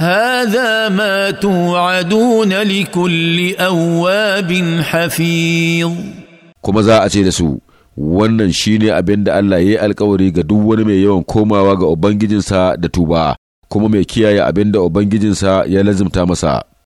هذا ما توعدون لكل أواب حفيظ كما za a ce da su wannan shine abin da Allah ya yi alkawari ga duk wani mai yawan komawa ga Ubangijinsa da tuba kuma mai kiyaye abin da Ubangijinsa ya lazimta masa